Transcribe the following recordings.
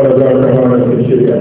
ọlọ́dọ̀ ọ̀rọ̀ ọ̀rọ̀ ìṣẹ̀lẹ̀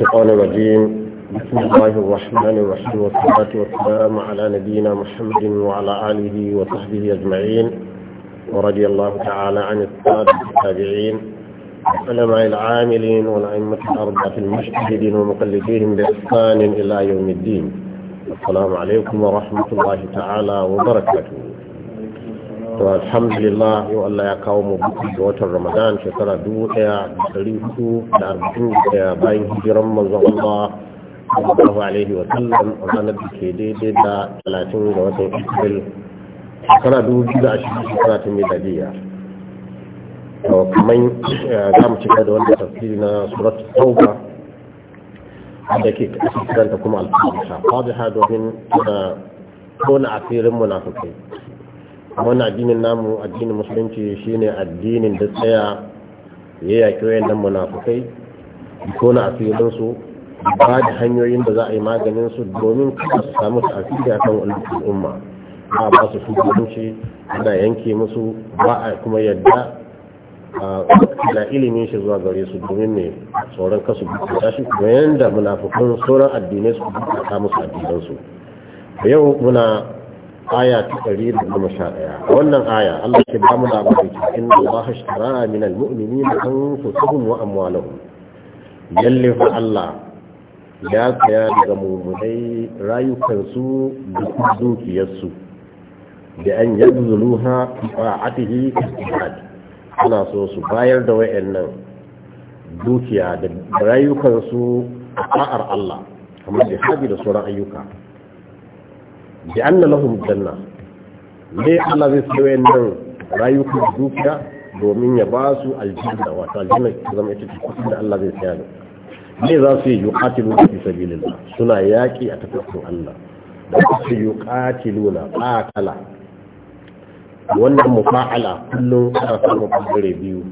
الشيطان الرجيم بسم الله الرحمن الرحيم والصلاة والسلام على نبينا محمد وعلى آله وصحبه أجمعين ورضي الله تعالى عن السادة التابعين والعلماء العاملين والأئمة الأربعة المجتهدين ومقلديهم بإحسان إلى يوم الدين السلام عليكم ورحمة الله تعالى وبركاته to alhamdulillah yau Allah ya kawo mu buku da watan Ramadan shekara 1440 bayan hijiran manzon Allah sallallahu alaihi wa sallam ranar da ke daidai da talatin ga watan April shekara 2020 shekara ta miladiya to kaman eh, za mu cika da wannan tafsiri na suratul tauba da ke kasance kuma alfahari ta fadiha domin eh, tona asirin munafukai wannan addinin namu addinin musulunci shine addinin da tsaya ya yaƙi nan munafukai ko na asirinsu ba da hanyoyin da za a yi maganinsu domin kada su samu tasiri akan al'umma ba ba su shugabanci ana yanke musu ba a kuma yadda da ilimin shi zuwa gare su domin ne tsoron kasu bukuta shi kuma yadda munafukan sauran addinai su bukata musu addinansu yau muna aya ta ɗari da goma sha ɗaya wannan aya Allah ke ba mu labarin cikin Allah ashtara min almu'mini na anfusahum wa amwalahum yalle fa Allah ya tsaya daga mummunai rayukansu da dukiyarsu da an yabzuluha ba'atihi al-jihad ana so su bayar da wayannan dukiya da rayukansu a fa'ar Allah kamar jihadi da sauran ayyuka bi anna lahum janna ne Allah zai sai nan rayuka dukiya domin ya ba su aljanna wato aljanna ta zama ita ce da Allah zai saya ne ne za su yi yuqatilu fi sabilillah suna yaki a tafarkin Allah da su yuqatiluna qatala wannan mufa'ala kullum ana samun biyu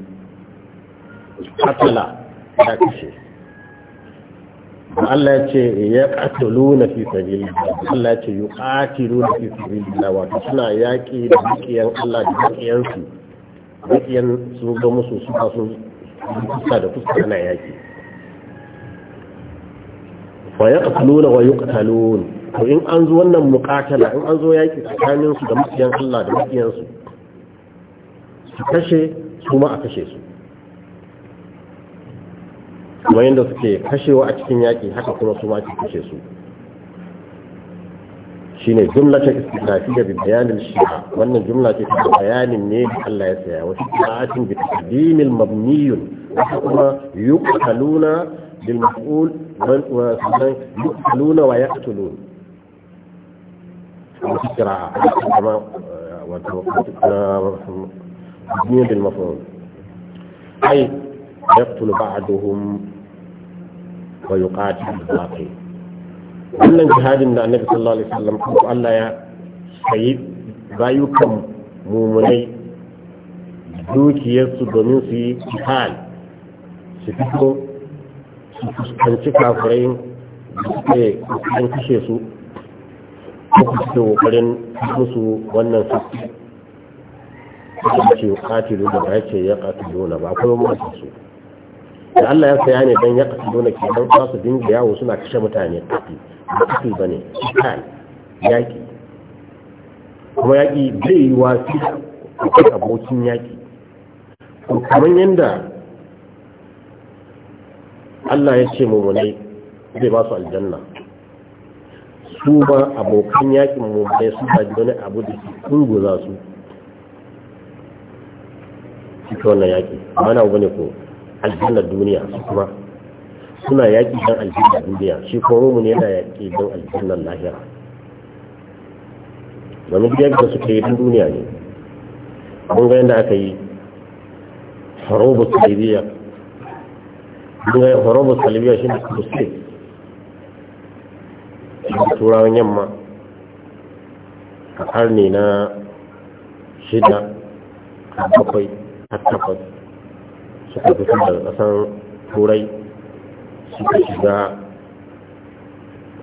qatala ya kashe Allah ya ce ya katilu na fi sabili Allah ya ce yi katilu na fi sabili wato suna yaƙi da dukiyan Allah da dukiyansu dukiyan su ga musu suka sun fuska da fuska ana yaƙi wa ya katilu na wa yi katilu to in an zo wannan mukatala in an zo yaƙi tsakaninsu da makiyan Allah da makiyansu su kashe su ma a kashe su kuma yadda suke fashewa a cikin yaƙi haka kuma su ma ke kashe su shine jumlatan istinafiyya da bayanin shi'a wannan jumla ce ta bayanin ne da Allah ya saya wasu ta'atin bi tadimil mabniyun wasu kuma yuqtaluna bil maf'ul wa sunan yuqtaluna wa yaqtulun wasu qira'a kama wato mabniyun bil maf'ul ay yaqtulu ba'duhum wa yuqatil batil wannan jihadin da annabi sallallahu alaihi wasallam ko Allah ya sayi rayukan mumunai dukiyarsu domin su yi jihad su fito su fuskanci kafirai da suke kusurin kashe su ko su ke kokarin musu wannan sassi ce katilu da ya ce ya katilu na ba kuma masu su da Allah ya saya ne dan ya kasu ke kenan za su dinga yawo suna kashe mutane kafi ba kafi bane kan yaki kuma yaki bai yi wasi akwai abokin yaki kamar yadda Allah ya ce mu mummune zai ba su aljanna su ba abokan yakin mummune su ba wani abu da su kunguza su cikin wannan yaki mana abu ne ko aljannar duniya su kuma suna yaƙi don aljannar duniya shi kuma mumun yana yaƙi don aljannar lahira wani biyar da suka yi don duniya ne mun ga yadda aka yi horobu talibiya horobu talibiya shi ne kusurce da turawan yamma a karni na shida a bakwai a takwas suka fito daga kasar turai suka shiga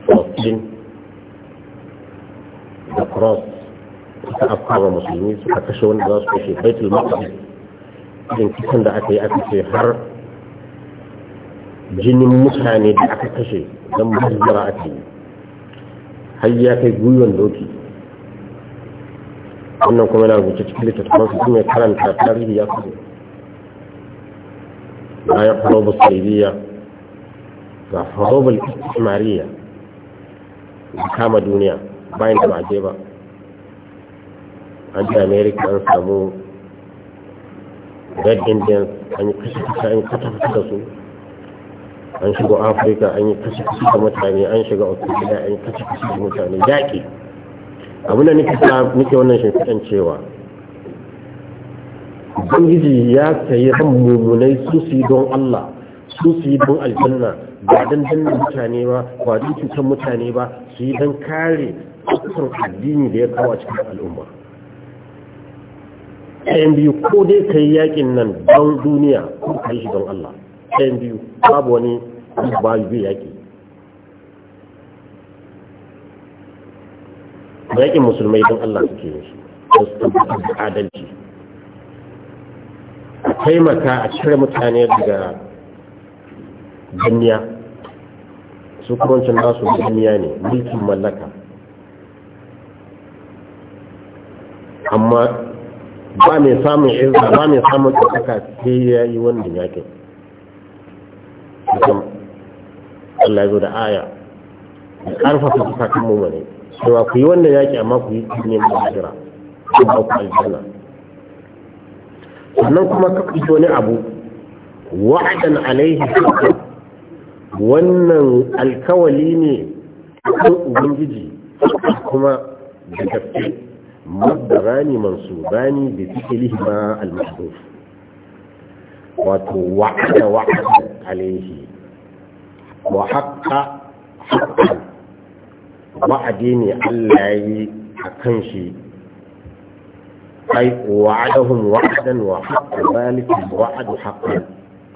falastin da cross suka afkawa musulmi suka kashe wanda za su kashe baitul maqdis irin kisan da aka yi aka ce har jinin mutane da aka kashe don mazara aka yi har ya kai gwiwon doki wannan kuma na rubuce cikin littattafan su kuma karanta tarihi ya kuma ga ya hurubu saidiyya ga hurubul istimariya duniya bayan da ba je ba an ji america an samu red indians an yi kashe-kashe an kata-kata su an shiga afirka an yi kashe-kashe da mutane an shiga australia an yi kashe-kashe mutane yaƙi abinda nake wannan shimfiɗan ubangiji ya sayi ran mummunai su su don Allah su su don aljanna ba don danna mutane ba ba don cutar mutane ba su yi don kare kusan addini da ya kawo cikin al'umma ɗayan biyu ko dai ka yi yakin nan don duniya ko ka yi shi don Allah ɗayan biyu babu wani ba yi yaki yakin musulmai don Allah suke yin shi su tabbatar da adalci taimaka a cire mutane daga duniya su kumancin nasu duniya ne mulkin mallaka amma ba mai samun izina ba mai samun tsakaka sai ya yi wannan yake kusan Allah zo da aya da ƙarfafa tsakakan mummune cewa ku yi wannan yake amma ku yi mai jira ku ba ku aljanna sannan kuma ka fito wani abu wa'adan alaihi wannan alkawali ne kan ubangiji kuma da gaske mabdarani mansubani da fikilihi ma al wato wa'ada wa'ada alaihi wa haqqa haqqan wa'adi ne Allah yi a kan shi ai wa'adahum wa'adan wa haqqan zalika wa'adu haqqan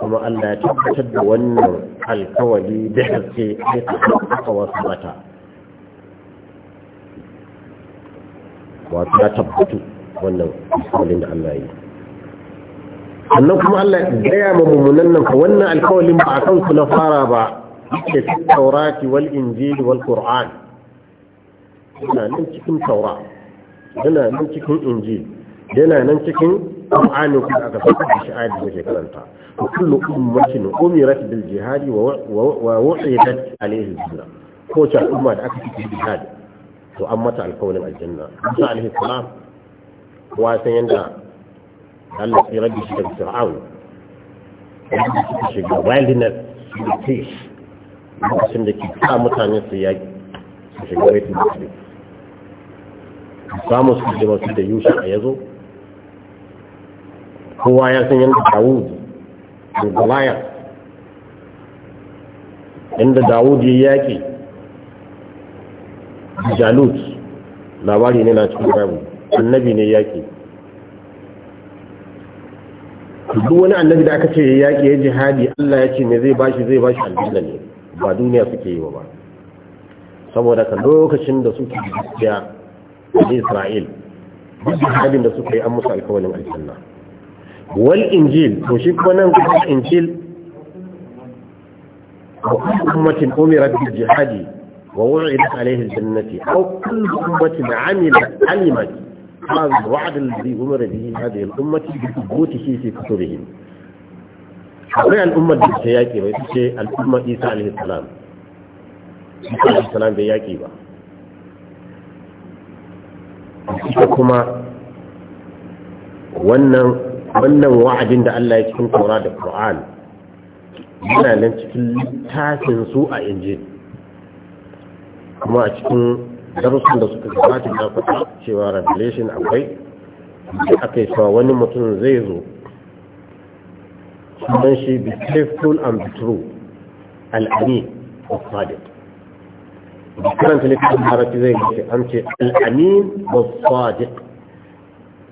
kuma Allah ya tabbatar da wannan alkawali da haske sai ta haka wasu mata wato ya tabbatu wannan alkawalin da Allah yi sannan kuma Allah gaya ma mummunan nan ka wannan alkawalin ba a kan ku na fara ba yake fi taurati wal injili wal qur'an yana nan cikin taura yana nan cikin injili yana nan cikin Qur'ani kuma aka faɗa da shi ayat da karanta wa kullu ummatin umirat bil jihad wa wa wu'idat alayhi al ko ta umma da aka ci jihad to an mata alƙawarin aljanna Musa alaihi salam wa san yanda Allah ya rabbi shi da Fir'aun yanda suka shiga da fish lokacin da ke sa mutane su yaƙi su shiga waitin da samu su jima su da yusha a yazo kowa ya san yadda dawud da goliath Yadda dawud ya yaƙi jalut labari ne na cikin rabu, annabi ne yaƙi duk wani annabi da aka ce ya yaƙi ya jihadi allah ya ce me zai bashi zai bashi aljanna ne ba duniya suke yi wa ba saboda ka lokacin da suke gaskiya da isra'il duk jihadin da suka yi an musu alkawalin aljanna wal injil to shi kuma nan kuma injil ummatin umira bi jihadi wa wu'idat alayhi jannati aw kullu ummatin 'amilat 'alimat هذا الوعد الذي أمر به هذه الأمة بثبوته في كتبهم أقول الأمة بالسياكي ويتشي الأمة إيسى عليه السلام إيسى عليه السلام بياكي با kuma wannan wannan wa'adin da Allah ya cikin Taura da Qur'an yana nan cikin littafin su a inji kuma a cikin darussan da suka gabata na faɗa cewa revelation akwai da aka yi cewa wani mutum zai zo sunan shi be faithful and be true al'ani of sadiq karanta littafin harafi zai ce an ce al'ani of sadiq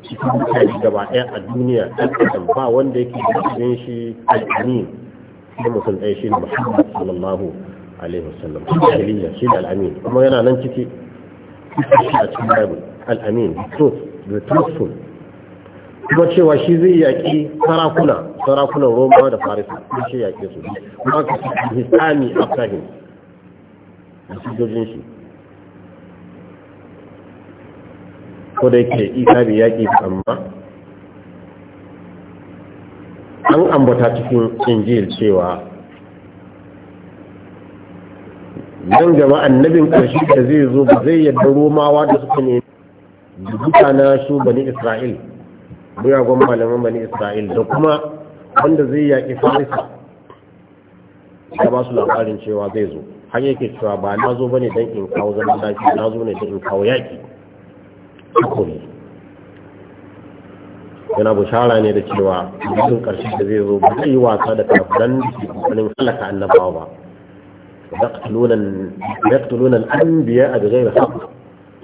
cikin mutane gaba ɗaya a duniya ɗan adam ba wanda yake cikin shi al'amin da mutum ɗaya shi ne muhammad sallallahu alaihi wasallam jahiliya shi da al'amin kuma yana nan ciki shi a cikin bible al'amin the truthful kuma cewa shi zai yaƙi sarakuna sarakunan roma da farisa kuma shi yaƙe su kuma ka his army after da sojojin shi ko da yake isa bai yaƙi amma an ambata cikin injil cewa nan gama annabin ƙarshe da zai zo ba zai yadda romawa da suka ne duka na shu bani isra'il buyagon malaman bani isra'il da kuma wanda zai yaƙi farisa ya ba su labarin cewa zai zo Hanyar ke cewa ba na zo ba ne don in kawo zama lafiya na zo ne don in kawo yaƙi hukumi yana bushara ne da cewa cikin ƙarshe da zai zo ba zai yi wasa da kafiran da ke kokarin halaka annabawa ba yaqtuluna al-anbiya bi ghayri haqq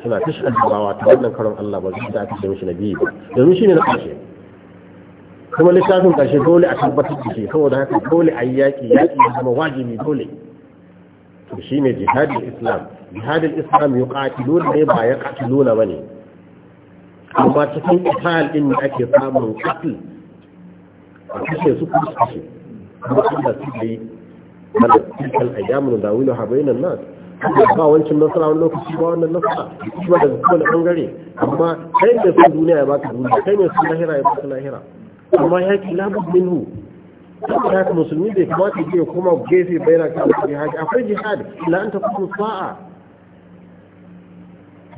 suna kashe annabawa ta wannan karon Allah ba zai da aka ce mishi nabi ba domin shi ne na ƙarshe kuma littafin ƙarshe dole a tabbatar da shi saboda haka dole a yaƙi yaƙi ya zama wajibi dole to shine jihadul islam Jihadin islam dole ne ba ya yaqatiluna bane amma cikin ƙasal ɗin da ake samun ƙafi a kashe su kuma kashe kuma Allah su da yi mana cikin ayyamun da wilo nan, nas ba wancan nasara wani lokaci ba wannan nasara shi ba daga kowane ɓangare amma kai ne sun duniya ya baka duniya kai ne sun lahira ya baka lahira amma ya ki labud minhu ya haka musulmi bai kamata ya koma gefe bai na kamar jihadi akwai jihad ila an ta kuma sa'a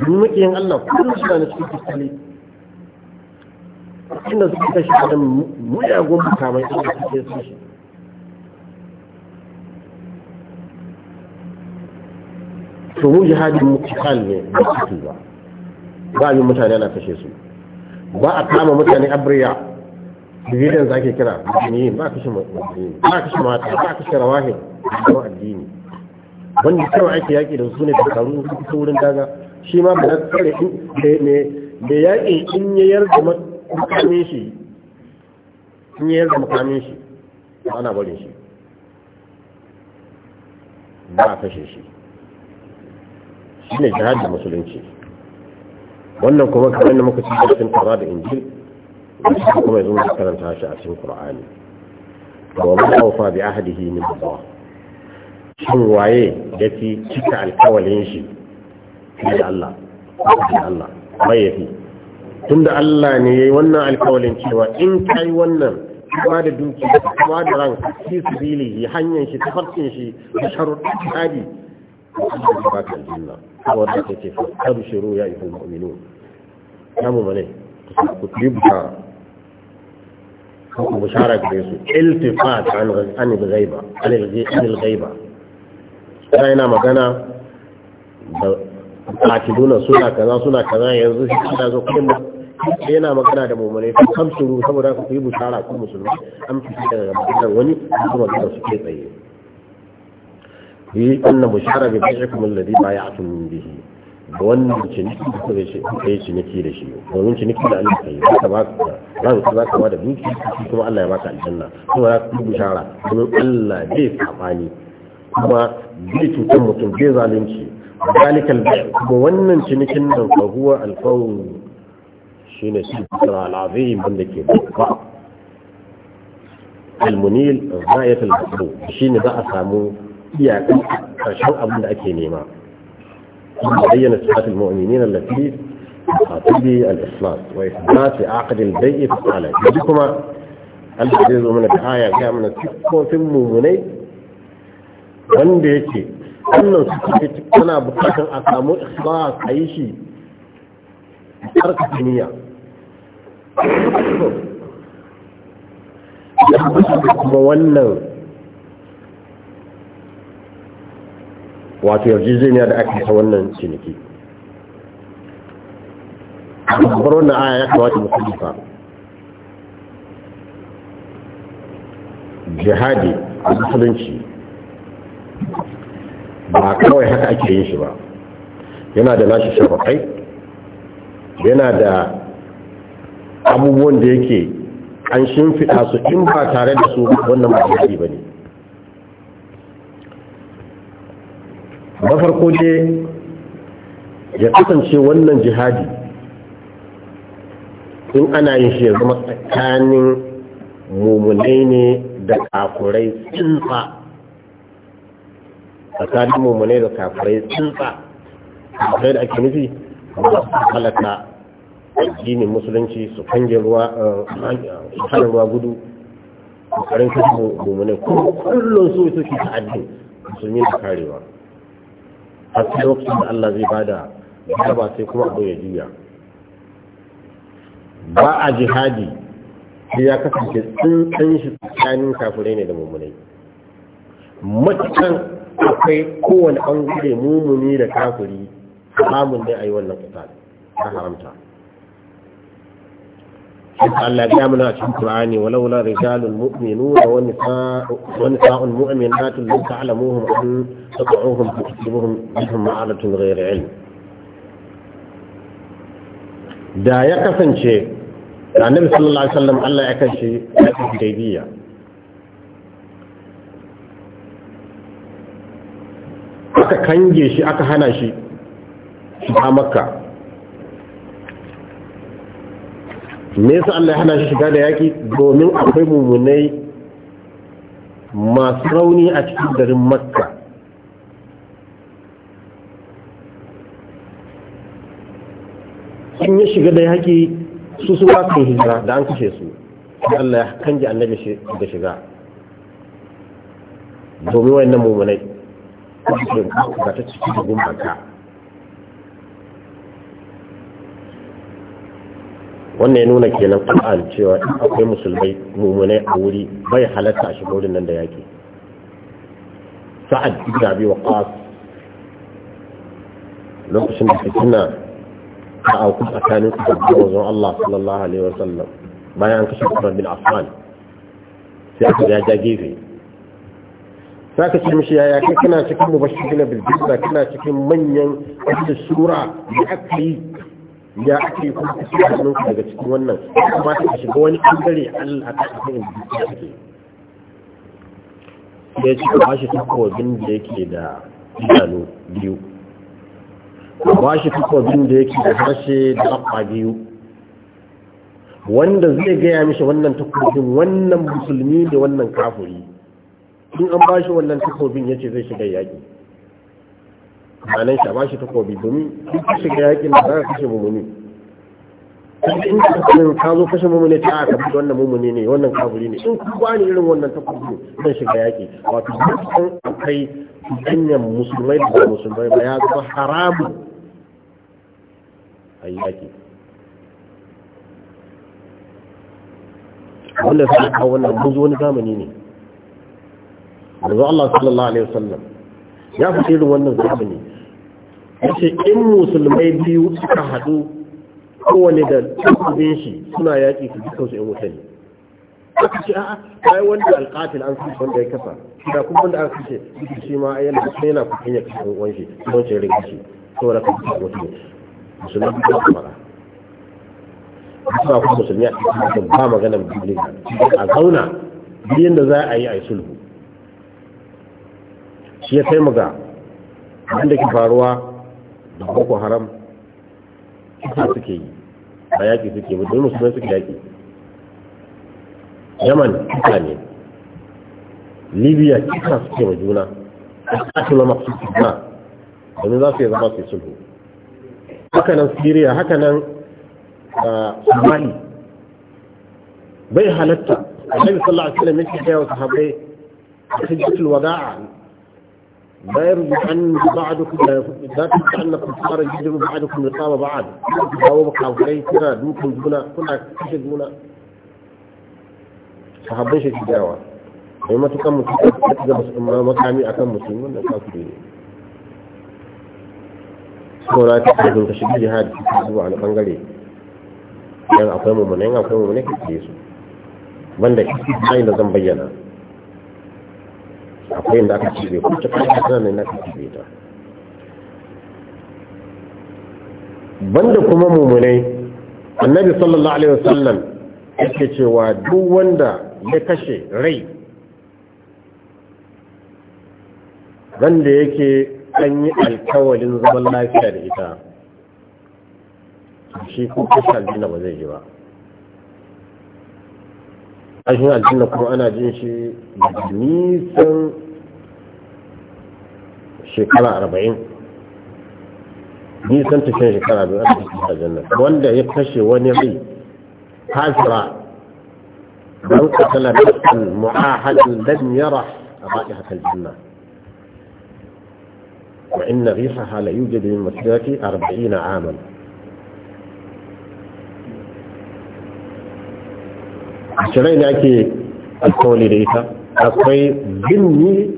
duk makiyin Allah kullum shi na cikin fiskali inda suka kashe wadan muyagun makamai inda suke su shi su mu jihadin mutakal ne ba su ba ba yi mutane na kashe su ba a kama mutane abriya za ke kira mutumiyin ba a kashe mutumiyin ba a kashe mata ba a kashe rawahin kuma addini wanda kawai ake yaƙi da su ne da karu su wurin daga shi ma ba na tsare da yaƙi in yayar da mukamin shi in yi yanzu mukamin shi ana barin shi ba a kashe shi shi ne jihar da musulunci wannan kuma kamar da muka cikin cikin tara da injil da kuma yanzu da karanta shi a cikin qur'ani wa man awfa bi ne ba ba shin waye da fi cika alkawalin shi da Allah da Allah mai tunda Allah ne yayi wannan alƙawarin cewa in kai wannan ba da duki ba da ran fi sabili hanyar shi tafarkin shi da sharuɗin tsari Allah ba ka aljanna wanda ta ce fa'aru shiru ya ihul mu'minu ya mu mane ku tibta ku bushara gare su iltifat an an ghaiba an al magana da akiduna suna kaza suna kaza yanzu shi da zo kullum yana magana da mummune su kam shuru saboda ku yi bushara ku musulmi an fi daga maganar wani kuma magana su ke tsaye yi annan bushara bi bai'ikum alladhi bai'atum bihi da wannan ciniki da kuka shi kuka yi ciniki da shi domin ciniki da Allah kai yi ba ran ka zaka ba da duki kuma Allah ya baka aljanna kuma za ku bushara domin Allah bai sabani kuma bai cutar mutum bai zalunci ذلك البيع وان شنكن فهو الفوز shi ne shi fitara al'azim wanda ke ba almunil za a yi talibu shi ne za a samu iyakar karshen abin da ake nema bayyana tsatin ma'amini na lafif a tabi al'islam wai za su akadin bai'i ta tsala yanzu kuma alfajir zo mana kaya ga mana cikofin mummunai wanda yake wannan su kuke tana bukatar a samu ikhlas a yi shi a karkata niyya da kuma wannan wato yarji zai da ake ta wannan ciniki a babbar wannan aya ya kawata mu jihadi a musulunci ba kawai haka ake yin shi ba yana da nashi shafakai yana da abubuwan da yake an shimfiɗa su in ba tare da su wannan ba shi ba ne na farko ya kasance wannan jihadi in ana yin shi zama tsakanin mummunai ne da kakurai tsinsa tsakanin mummunai da kakurai tsinsa kafurai da ake nufi ba su addinin musulunci su kange ruwa eh, su hana ruwa gudu kashe domin kullum su suke ta addin musulmi da karewa har sai lokacin da Allah zai bada gaba sai kuma abu ya juya ba a jihadi sai ya kasance tsintsin shi tsakanin kafirai ne da mumunai. matukan akwai kowane bangare mummuni da kafiri haramun ne a yi wannan kusa ta haramta Allah ya cikin ولولا walaula rijalul ونساء wa تعلموهم أن تطعوهم بهم غير علم. da ya kasance annabi sallallahu alaihi wasallam Allah ya kashe ya kashe dabiya aka kange shi aka hana shi shiga makka me yasa Allah ya hana shi shiga da yaki domin akwai mummunai masu rauni a cikin garin makka in ya shiga da yaki su su ba kan hijira da an kashe su Allah ya kanji annabi da shiga domin wayannan mummunai ga ta ciki da gumbaka wannan ya nuna kenan Qur'an cewa akwai musulmai mummunai a wuri bai halatta a shigo nan da yaki Sa'ad ibn Abi Waqqas lokacin da fitina ta auku tsakanin su da manzon Allah sallallahu alaihi wasallam bayan an kashe Umar bin Affan sai aka ya ja gefe za ka ce mishi yaya kai kana cikin mubashirin bil jinna kana cikin manyan wasu shura da aka yi ya ake kuma kashe hannunka daga cikin wannan kuma ta shiga wani ɓangare allah ta a kan da ake ya ce ba shi bin da yake da idanu biyu ba shi bin da yake da harshe da haɓa biyu wanda zai gaya mishi wannan takobin wannan musulmi da wannan kafuri in an ba shi wannan takobin ya ce zai shiga yaƙi malan shi a bashi takobi domin duk ka shiga yakin da za ka kashe mumuni in ka kashe ka zo kashe mummuni ta aka bi wannan mummuni ne wannan kafiri ne in ku bani irin wannan takobi zan shiga yaki wato san akwai danyen musulmai da musulmai ba ya zama haramu a yaki wannan sai a wannan mun zo wani zamani ne manzo Allah sallallahu alaihi wasallam ya fi irin wannan zamani ce in musulmai biyu suka haɗu kowane da cikin shi suna yaƙi su ji su ƴan wuta ne aka ce a'a ai wanda alƙatil an kashe wanda ya kasa da kuma wanda aka kashe shi ma yana yana kuɗin ya kashe wani shi wani shi rinka shi saboda kan kashe wata ne musulmai biyu su fara suna kuma musulmi a cikin ba maganar ba a zauna biyan da za a yi a yi sulhu shi ya kai mu ga abin da ke faruwa da boko haram kisa suke yi a yaƙi suke yi, domin musulmai suke yaƙi yaman kisa ne libya kisa suke ma juna a kasula masu ba domin za su yi zama su yi sulhu hakanan syria hakanan somali bai halatta annabi sallallahu alaihi wasallam yake kai wa sahabbai hajjatul wada'a لا يرجع أن بعضكم لا تنسى أنكم صار يجرم بعضكم رقاب بعض تجاوبك أو كي كنا دوكم جونا كنا كشد جونا sahabbai shi jawa sai matukan mutum da makami a kan mutum wanda kafiri ne saura ta kafin ka shiga jihadi ta zuwa wani bangare yan akwai mummunai akwai mummunai ka ke su banda shi ta da zan bayyana akwai inda aka cibe ko ta kai tana ne na cibe ta banda kuma mumunai annabi sallallahu alaihi wasallam yake cewa duk wanda ya kashe rai wanda yake an yi alkawalin zaman lafiya da ita shi ko kashe aljina ba zai yi ba ƙarshen aljanna kuma ana jin shi daga nisan shekara arba'in nisan tashin shekara biyu ana cikin aljanna wanda ya kashe wani rai hasira don katala nafsan mu'ahadin lam yara a baƙi hatar janna wa inna rihaha la yujadu min masirati arba'ina aman ashirai ne ake alkawali da ita akwai zinni,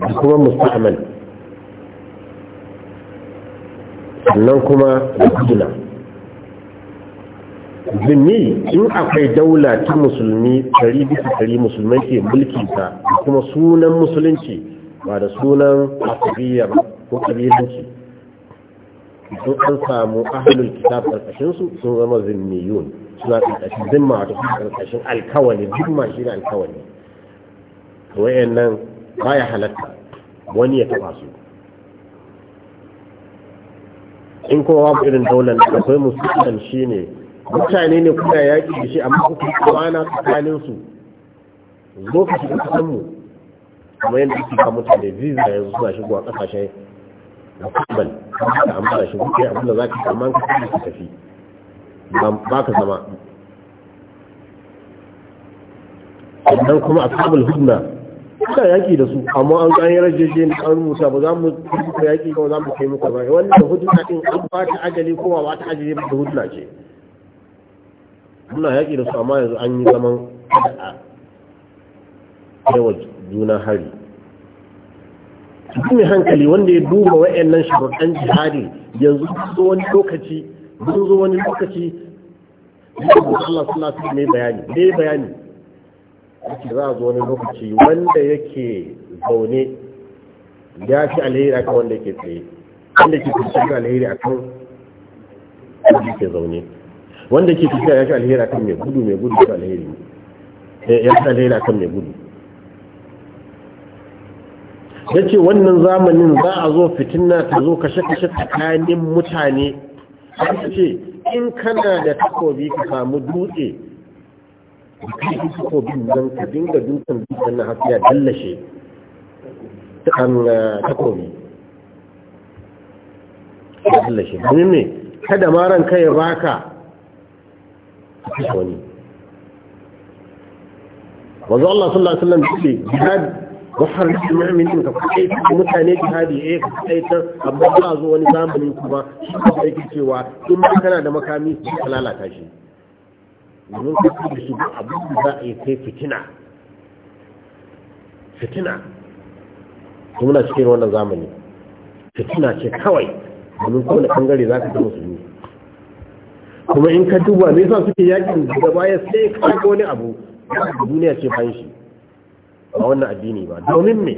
da kuma musamman, sannan kuma da kujina Zinni in akwai daula ta musulmi tari bisa tari musulman ke mulki ta kuma sunan musulunci ba da sunan asiriya ba ko kabilanci sun an samu ahalul kitab ƙarƙashinsu sun zama zimmiyun suna ƙarƙashin zimma wato ƙarƙashin alkawali zimma shi ne alkawali wayan nan ya halatta wani ya taɓa su in kowa babu irin daular da kai musulman shi ne mutane ne kuna yaƙi da shi amma kuka kwana tsakanin su zo ka shiga kasanmu kuma yadda suke ka mutane visa yanzu suna shigowa ƙasashe da kuma ka amfana shi kuke abinda za ka kama ka tafi ba ka zama sannan kuma a sabon hudna suka yaki da su amma an gani rajaje na an musa ba za mu rubuta yaki ba za mu kai muka ba wannan hudna din an ba ta ajali ko ba ta ajali ba da hudna ce muna yaki da su amma yanzu an yi zaman kada a yawa juna hari mai hankali wanda ya duba wa'annan sharuɗan jihadi yanzu wani lokaci mun zo wani lokaci yake da Allah sallallahu alaihi mai bayani mai bayani yake za a zo wani lokaci wanda yake zaune ya fi alheri akan wanda yake tsaye wanda ke fi alheri akan wanda yake zaune wanda yake tafiya ya fi alheri akan mai gudu mai gudu ya alheri eh, ya fi alheri akan mai gudu ya ce wannan zamanin za a zo fitina ta zo kashe-kashe tsakanin mutane har ce in kana da takobi ka samu dutse kai su takobin nan ka dinga dutsen dutsen na hafiya dallashe eh, takobi da dallashe domin ne kada maran kai ya baka a kashe wani wanzu Allah sallallahu Alaihi wasallam ce wahar jima min ka kai mutane jihadi eh ka kai ta amma ba zo wani zamanin kuma shi ka yake cewa in ma kana da makami ka lalata shi mun ka da shi abin da za a yi kai fitina fitina Kuma na cikin wannan zamani fitina ce kawai domin kowane bangare za ka su yi. kuma in ka duba me yasa suke yakin da baya sai ka wani abu duniya ce bayan shi ba wannan addini ba domin me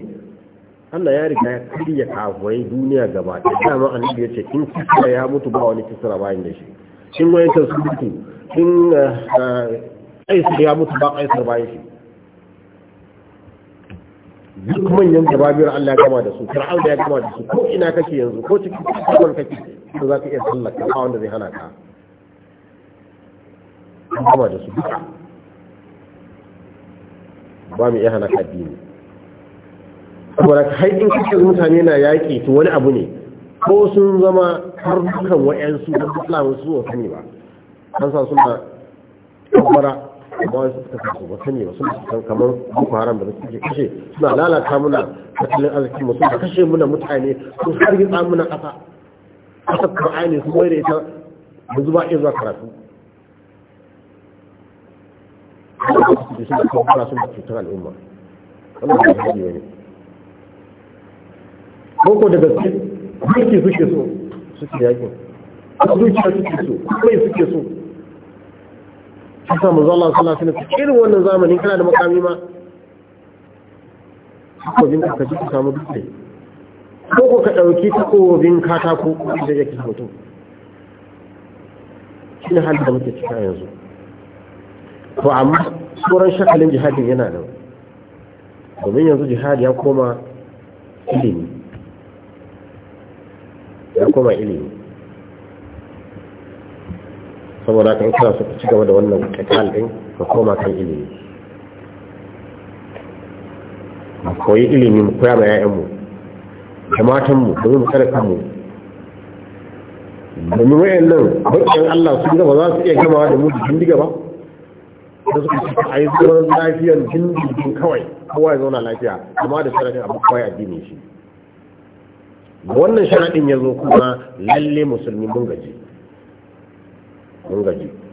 Allah ya riga ya karya kafirai duniya gaba da dama annabi ya ce kin kisa ya mutu ba wani kisa bayan da shi kin wayan ta su mutu in kaisar eh, eh, ya mutu ba kaisar bayan shi duk manyan jababiyar Allah ya kama da su fir'aun ya kama da su ko ina kake yanzu ko cikin kasar kake ko za ka iya sallaka ba wanda zai hana ka kama da su duka ba mu iya hana addini saboda har in kake mutane na yaƙi to wani abu ne ko sun zama har dukan wa'yansu da islamu su wa sani ba an sa suna kabbara amma wasu suka sa su ba sani ba suna kan kamar boko haram da suke kashe suna lalata muna tattalin arzikin mu suna kashe muna mutane su har yi tsamuna ƙasa ƙasar ƙar'ani sun mai da ita mu zuba iya zuwa karatu da su da kawo fara sun cutar al'umma wannan da hajji ne ko da gaske duki suke so suke yakin zuciya suke so kai suke so shi sa mu Allah sallallahu alaihi wasallam irin wannan zamanin kana da makami ma takobin ka kaji ka samu dutse ko ko ka dauki takobin katako da yake mutum shi ne halin da muke cika yanzu to amma tsoron shakalin jihadin yana nan domin yanzu jihad ya koma ilimi ya koma ilimi saboda kan kira su ci gaba da wannan kakal din ka koma kan ilimi a koyi ilimi mu koya ma 'ya'yanmu da matanmu da zuwa tsare kanmu domin wayannan bakin Allah sun gaba za su iya gamawa da mu da bindiga ba da suka ce a yi zuwa lafiyar jinjin kawai kowa ya zauna lafiya amma da sharaɗin abu kawai addini shi wannan sharaɗin ya zo kuma lalle musulmi mun gaji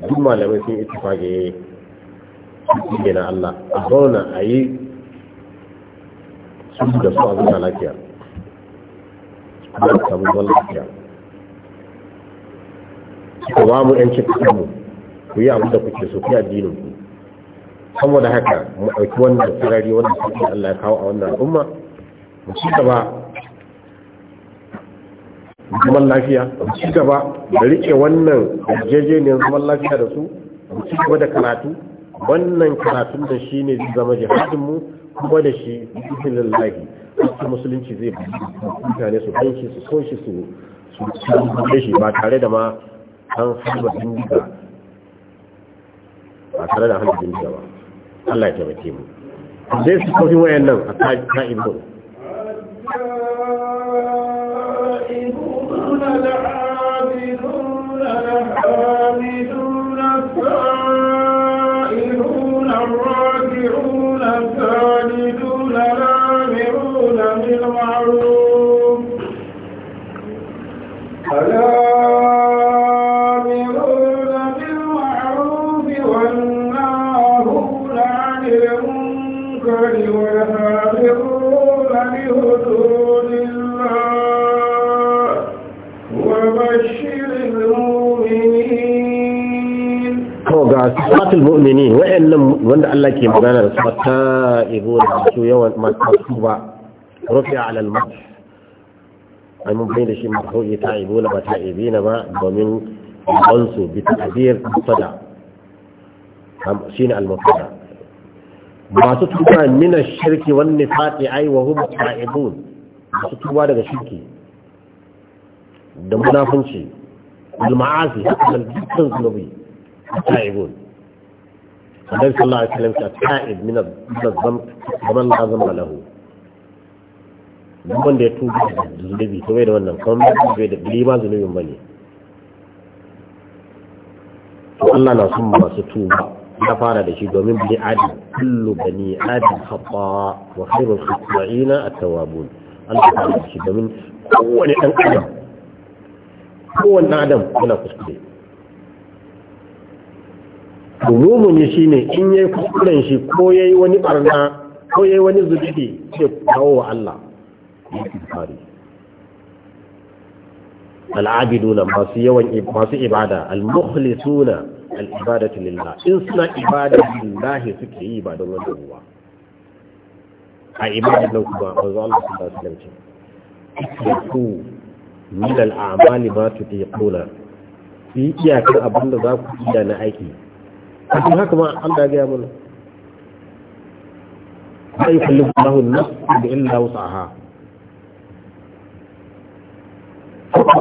duk malamai sun yi ittifaqe suke na Allah a zauna a yi sun da su a zuwa lafiya kuma samun zuwa lafiya ku ba mu yanci mu ku yi abu da kuke so ku yi addinin saboda haka mu ɗauki wannan sarari wannan sarki Allah ya kawo a wannan al'umma mu ci gaba zaman lafiya mu ci gaba da riƙe wannan ne zaman lafiya da su mu ci gaba da karatu wannan karatun da shi ne zai zama jihadinmu kuma da shi bismillah lahi cikin musulunci zai mutane su kan shi su so shi su su da shi ba tare da ma an halba dindiga ba tare da halba dindiga ba Allah ya taimake mu sai su kafi wayannan a ta'in fatul mumini wa'annan wanda Allah ke magana da su ibo da su yawan masu ba rufi'a alal mas ai mun bayyana shi mafi ibo da ba ta'ibi na ba domin bansu bi ta'bir sada shine al-mufada masu tuba min ash-shirki wan nifaqi ai wa hum ta'ibun masu tuba daga shirki da munafunci al-ma'asi da dukkan zunubi النبي صلى الله عليه وسلم كان تائب من الذنب ومن لا ذنب له wanda ya tuba da zunubi to bai da wannan kuma bai da bai ma ba ne. to Allah na son masu tuba ya fara da shi domin bi adi kullu bani adam khata wa khairul khata'ina at-tawwabun Allah ya fara da shi domin kowane dan adam kowane adam yana kuskure mumuni shine in yi kuskuren shi ko ya yi wani barna ko ya yi wani zubi sai kawo wa Allah istighfari al'abiduna masu yawan masu ibada al-mukhlisuna al-ibadatu lillah in suna ibada lillahi suke yi ba don wani ruwa a ibada nan kuma manzo Allah sallallahu alaihi wasallam ce ku min al-a'mali ma tutiquna fi iyakar da za ku iya na aiki a haka ma Allah ya gaya mana la yukallifu na an-nafsa illa wus'aha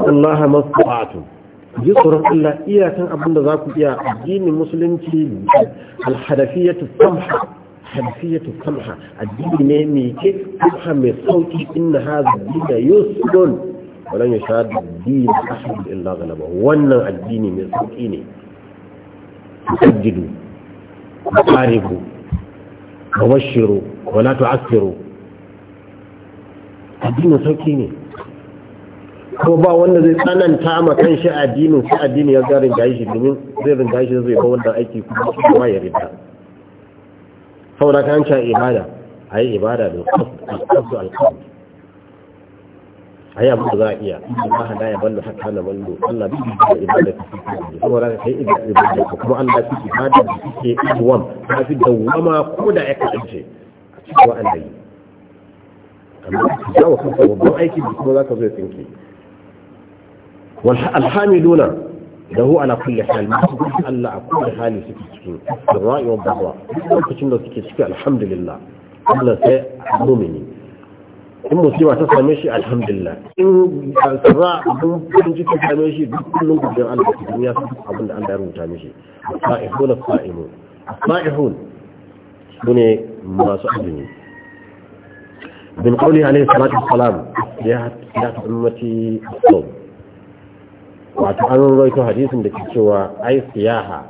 Allah ma sata'tum ji tsoron Allah iyakan abin da za ku iya addinin musulunci ta samha ta samha addini ne mai ke samha mai sauki inna hadha dina yusrun walan yashad din da illa ghalaba wannan addini mai sauki ne سجدوا وقاربوا وبشروا ولا تعسروا addinin sauki ne ko ba wanda zai tsananta ma kan shi addinin shi addini ya ga rinjaye shi domin zai rinjaye shi zai ba wanda aiki kuma shi kuma ya rida saboda kan cewa ibada a yi ibada da kasu alkasu ayi abin da za a iya ba hada da ya ballo hatta na ballo Allah bi da ibada ta fi saboda ka kai ibada ka kuma Allah fi ibada da kike iwam ta fi dawama ko da ya kace a cikin wa'anda yi amma ka jawo kanka babban aiki da kuma ka zo tsinki. tsinke wal alhamiduna hu ala kulli hal ma su Allah a kulli hali suke cikin ra'i wa dawwa lokacin da suke cikin alhamdulillah Allah sai mu'mini in musulma ta same shi alhamdulillah in kaza abin kun ji ta same shi duk kullum gudun Allah ta duniya su abin da Allah ya rubuta mishi sa'ihun a sa'ihun ne masu azumi bin a alayhi salatu salam ya ya ummati a sawm wato an rawaito hadisin da ke cewa ai siyaha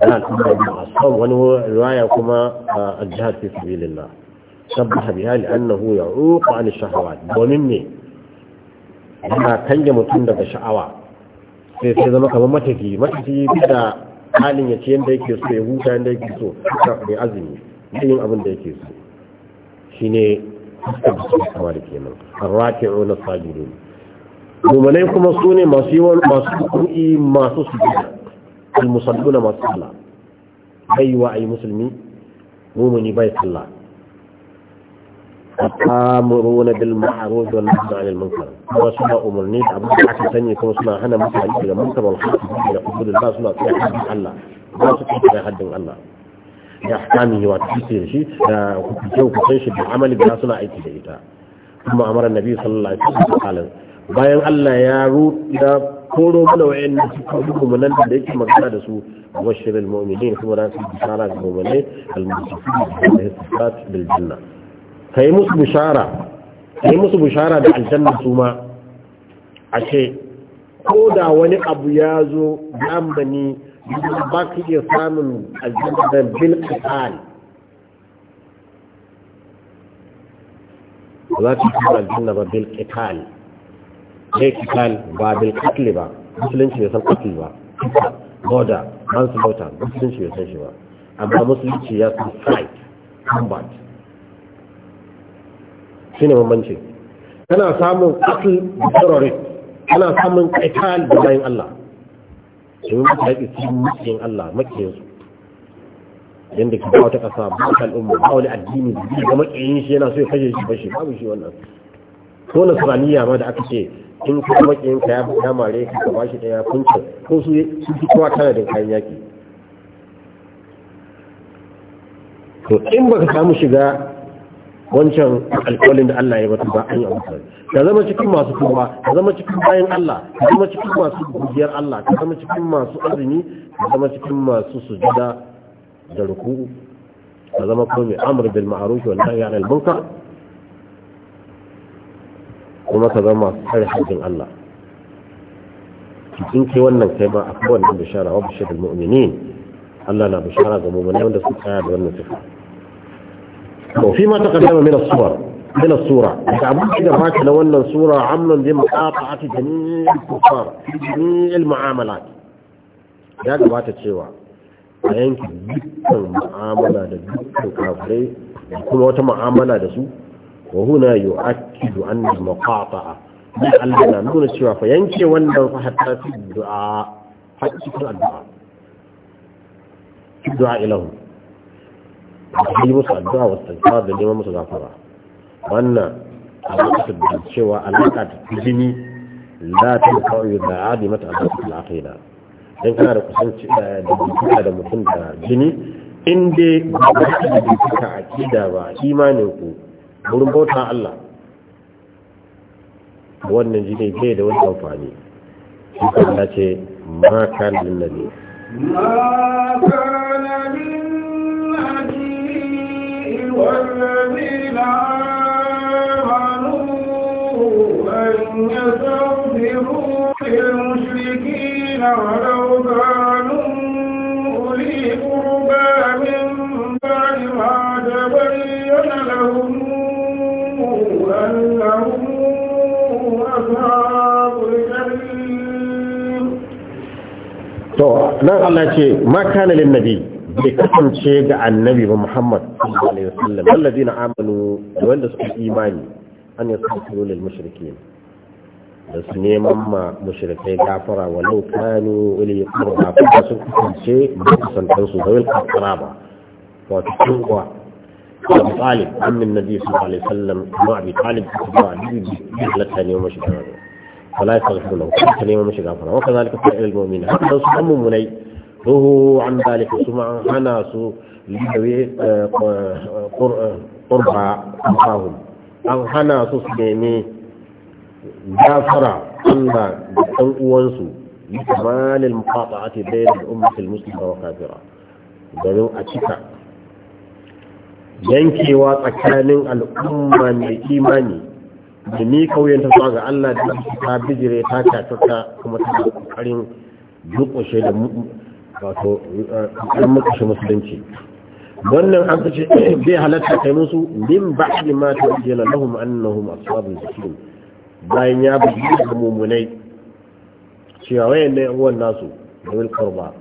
ana al'umma as-sawm wani riwaya kuma a jihar fi sabilillah sabbaha biha li'annahu ya'uqu 'an ash-shahawat domin me yana kange mutum daga sha'awa sai sai zama kamar matafi matafi da halin ya ce yadda yake so ya huta yadda yake so mai azumi da yin abin da yake so shine fuskar da suke kama da kenan arraki'u na sajidun mumanai kuma su ne masu yi masu ku'i masu su gida al-musallu na masu sallah bai wa a yi musulmi mumuni bai sallah amuruna bil ma'ruf wal nahy 'anil munkar kuma umarni da abin da aka sani kuma suna hana mutane daga munkar wal haqqi da ubudul ba suna tsaya haddin Allah ba su tsaya haddin Allah da ahkamihi wa tafsir shi da hukunce shi da amali da suna aiki da ita kuma amara nabi sallallahu alaihi wasallam bayan Allah ya ru da koro mana wayan da suka rubu munan da yake magana da su bashirin mu'minin kuma da su bisara ga mu'minai al-muttaqin da su bil janna ka yi musu bishara ka yi musu bishara da aljanna su ma a ce ko da wani abu ya zo zamani ba ka iya samun aljanna da bil qitali za ta fi aljanna ba bil qital ne qital ba bil qatl ba musulunci bai san qatl ba boda man su bauta musulunci bai san shi ba amma musulunci ya san fight combat shine bambanci kana samun qatl da terrorist kana samun kaital da bayin Allah domin ba ta yi cikin makiyin Allah makiyin su yanda ki ba wata kasa ba ta al'umma ba wani addini da ga makiyin shi yana so ya kashe shi bashi babu shi wannan ko nasraniya ma da aka ce in ku makiyin ka ya ya mare ka ka bashi daya kunce ko su su fi kowa tana da kayan yaƙi? to in baka samu shiga wancan alkawalin da Allah ya bata ba an yi amfani ka zama cikin masu tuba ka zama cikin bayan Allah ka zama cikin masu gudiyar Allah ka zama cikin masu azumi ka zama cikin masu sujida da ruku'u ka zama kuma mai amr bil ma'ruf wal nahy anil munkar kuma ka zama tsare haƙin Allah cikin ke wannan kai ma a kowanne bishara wa bishara mu'minin Allah na bishara ga muminin wanda suka tsaya da wannan sifa وفي ما تقدم من الصور من الصورة تعبد إذا فات لولا الصورة عملا بمقاطعة جميع الكفار في جميع المعاملات ya gabata cewa a yanki dukkan ma'amala da dukkan kafirai da kuma wata ma'amala da su wa huna yu'akkidu anna maqata'a bi Allah na nuna cewa fa yanke wannan fa hatta ilahu da yi musu addu'a wasu tantawa da neman musu gafara wannan abu da cewa alaƙa ta jini la kawai da adi mata alaƙa ta al'aqida dan kana da kusanci eh, da dubuta da mutum da jini in dai a ka da a aqida ba imanin ku wurin bauta Allah wannan jini bai da wani amfani shi kan ce ma kan lin والذين آمنوا أن يستغفروا للمشركين ولو كانوا أولي من بعد ما كان لهم أنهم نعم، شيء عن النبي محمد sallallahu alaihi da wanda suka imani an yastaghfiru lil ma mushrikai gafara walau kanu wali qurba neman nuhu an dalika su ma an hana su liyawe qurba afahum an hana su su nemi gafara Allah da ɗan uwansu bi kamalil muqata'ati bainal ummati al-muslima wa kafira domin a cika yankewa tsakanin al'umma mai imani da ni kauyen ta zuwa ga Allah da ta bijire ta ta kuma ta kokarin dukushe da wato an musulunci wannan an fice bai halatta kai musu min ba'di ma tabayyana lahum annahum ashabul jahim bayan ya bayyana da mumunai cewa wayan ne uwan nasu da wil qurba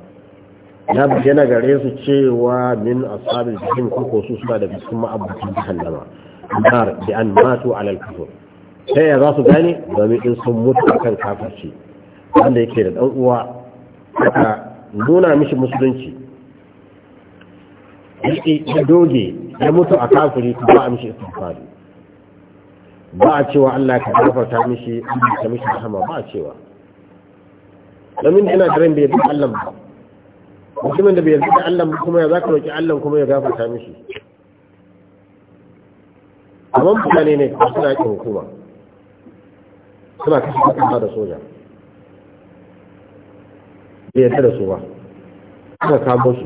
ya bayyana gare su cewa min ashabul jahim ko ko su suna da cikin ma'abbatan jahannama dar bi an matu ala al-kufr sai ya zasu su gane mai in sun mutu akan kafirci wanda yake da dan uwa nuna mishi musulunci ya doge ya mutu a kafiri ba a mishi istighfari ba a cewa Allah ka gafarta mishi Allah ka mishi rahama ba a cewa domin ina da ran bai yi Allah ba mutumin da bai yarda da Allah kuma ya zaka roki Allah kuma ya gafarta mishi amma mutane ne suna kin hukuma suna kashe kasa da soja bai yarda da su ba aka kamo su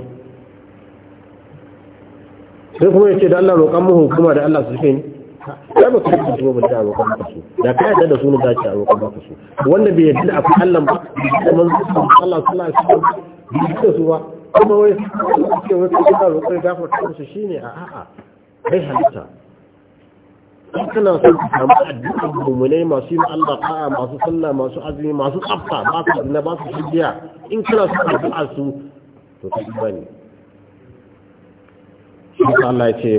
sai kuma ya ce da Allah roƙon mu hukuma da Allah su rufe ya ba kai su ba da roƙon ba su da ka yarda da su ne za ki roƙon ba su wanda bai yarda da akwai Allah ba kuma Allah sallallahu alaihi wasallam bai da su ba kuma wai suke wata kuma roƙon gafarta su shine a a'a kai halitta in kana son ka samu addu'a mummunai masu yi Allah ta'a masu sallah masu azumi masu tsafta ba su na ba su shirya. in kana su addu'a su to ka imani shi Allah ya ce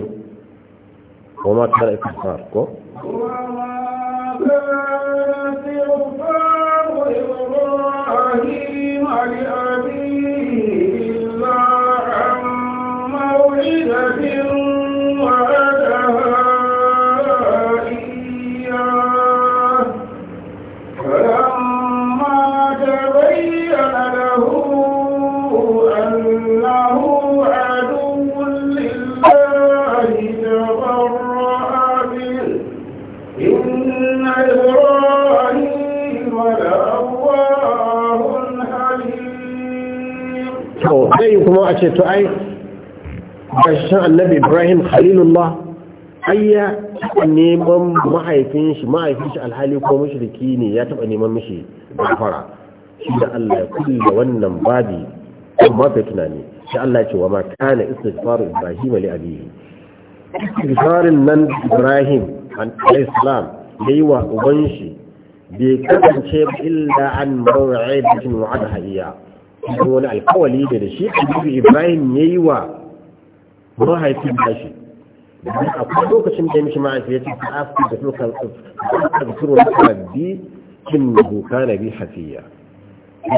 wa ma ko kuma a ce to ai gashin annabi ibrahim khalilullah ayya taɓa neman mahaifin shi mahaifin shi alhali ko mushriki ne ya taɓa neman mishi gafara shi da Allah ya kulli da wannan babi kuma mafi tunani shi Allah ya ce wa ma kana istighfaru ibrahim li istighfarin nan ibrahim alayhi salam yi wa uban shi bai kasance ba illa an maw'idatin wa'adaha iyyahu cikin wani alkawali da da shi annabi ibrahim ya yi wa mahaifin tashi domin akwai lokacin da ya mishi ma'aifi ya ce ta aski da tsokan tsirwa na rabbi kin buka na bi hafiya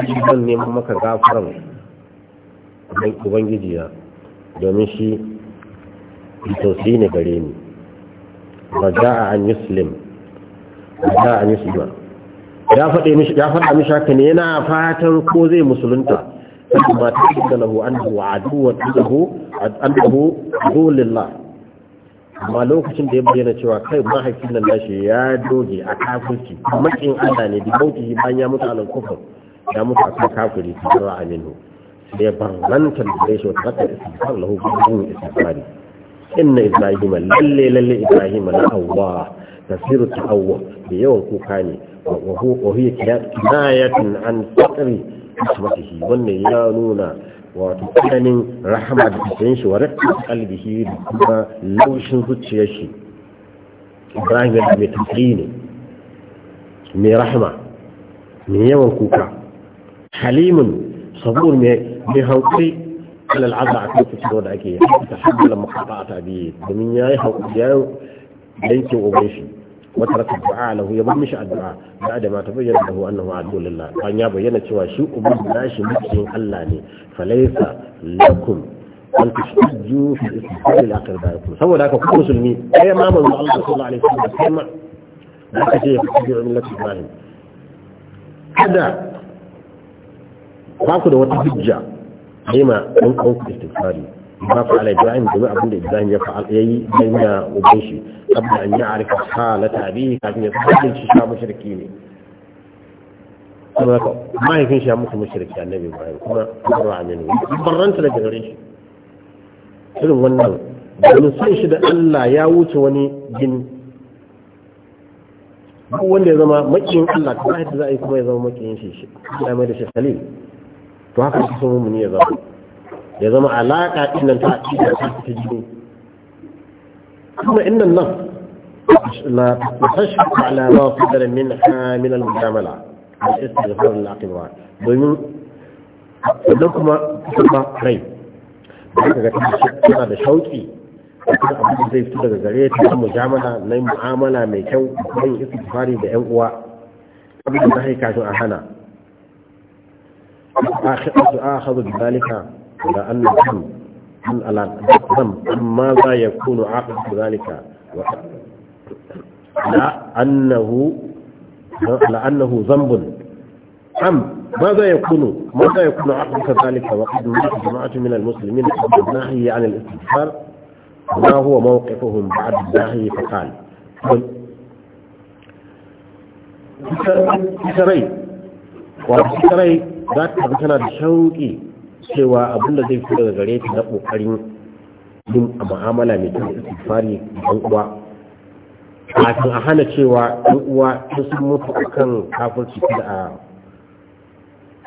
shi zan neman maka gafaran ubangiji na domin shi tausayi ne gare ni a an yuslim a an yuslima ya faɗa mishi haka ne yana fatan ko zai musulunta ba ta shiga wa annahu aduwwa lahu annahu aduwwa amma lokacin da ya bayyana cewa kai mahaifin nan nashi ya doge a kafirci makin Allah ne da mauti bayan ya mutu alal kufur ya mutu a kan kafiri ta ra'a minhu sai ban da shi wata kafir istighfar lahu bi istighfari inna ibrahim lalle lalle ibrahima la awwa tafsiru ta'awwa da yawan kuka ne wa huwa hiya kinayatun an faqri rahmatihi wannan ya nuna wato tsananin rahama da cikin shi wa rakkar kalbihi da kuma laushin zuciyar shi ibrahim ya mai tafi ne mai rahama mai yawan kuka halimun sabur mai hankali alal azza a kan fito da ake ta haddala muqata ta biye domin yayi hakuri ya yanke uban shi wata raka du'a lahu ya bar mishi addu'a da da ma tabayyana lahu annahu adu lillah an ya bayyana cewa shi uban nashi mutum Allah ne falaysa lakum an tushajju fi istiqbal saboda ku musulmi Allah sallallahu alaihi wasallam da kace ya fi millati Ibrahim kada ba ku da wata hujja aima dan kanku istighfari ba fa ala ibrahim domin abin da ibrahim ya fa'al yayi dan ya uban shi kabla an yi a ya'rifa halata tarihi kafin ya fadin shi sha mushriki ne saboda mahaifin shi ya mutu a annabi ibrahim kuma barra aminu barranta daga gare shi irin wannan domin san shi da Allah ya wuce wani gini duk wanda ya zama makiyin Allah kuma yadda za a yi kuma ya zama makiyin shi shi ya mai da shi khalil to haka su sun mummuni ya zama ya zama alaƙa ɗinnan ta aƙida ta ta jini kuma innan nan na tashi ala ma fadar min hamilal mujamala isa istighfar al aqwa domin sannan kuma kuma rai da ga tana da shauki kuma abin da zai fito daga gare ta mujamala na mu'amala mai kyau kuma yin istighfari da yan uwa abin da zai kafin a hana آخذ بذلك لأن الدم من على الدم ماذا يكون عاقبة ذلك لأنه لأنه ذنب أم ماذا يكون ماذا يكون عقبة ذلك وقد مات جماعة من المسلمين النهي عن الاستغفار ما هو موقفهم بعد النهي فقال kisarai wato kisarai za ta tafi tana da shauƙi cewa abin da zai fi daga gare ta na ƙoƙarin yin a mu'amala mai kyau da fari ɗan uwa kafin a hana cewa ɗan uwa sun sun mutu a kan kafirci da a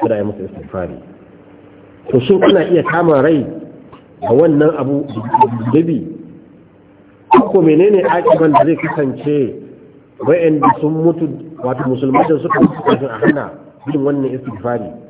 kada ya da istifari to shin kuna iya kama rai a wannan abu dabi ko menene aƙiban da zai kasance da sun mutu wato musulmai da suka mutu kafin a hana yin wannan istifari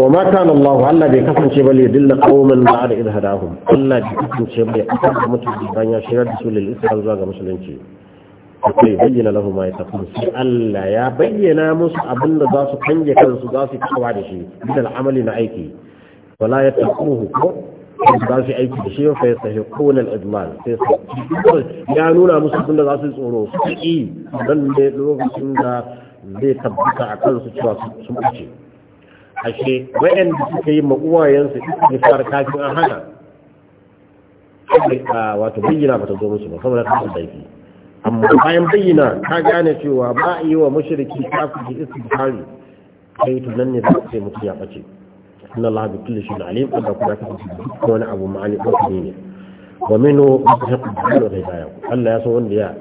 wa ma kana Allah Allah bai kasance ba liyadilla qauman ba'da idh hadahum Allah bai kasance ba ya kasance mutane ya shirar da su lil islam zuwa ga musulunci sai bayyana lahu ma yataqun sai Allah ya bayyana musu abin da za su kanje kansu za su kawa da shi bidal amali na aiki wala yataquhu ko za su aiki da shi fa yastahiqun al idlal sai ya nuna musu abin da za su tsoro su yi dan ne lokacin da zai tabbata a kansu cewa sun ɓace ashe da suka yi maƙuwayensu fara kafin an hana a ah, wato bayyana ba ta zo musu ba saboda ta da laifi amma bayan bayyana ta gane cewa ba a yi wa mushriki kafin istighfari kai tunan ne ba sai mutu ya bace inna allaha bi kulli shay'in alim kada kuma ka wani abu ma'ani ko ne wa minhu yaqdiru bi bayan Allah ya san wanda ya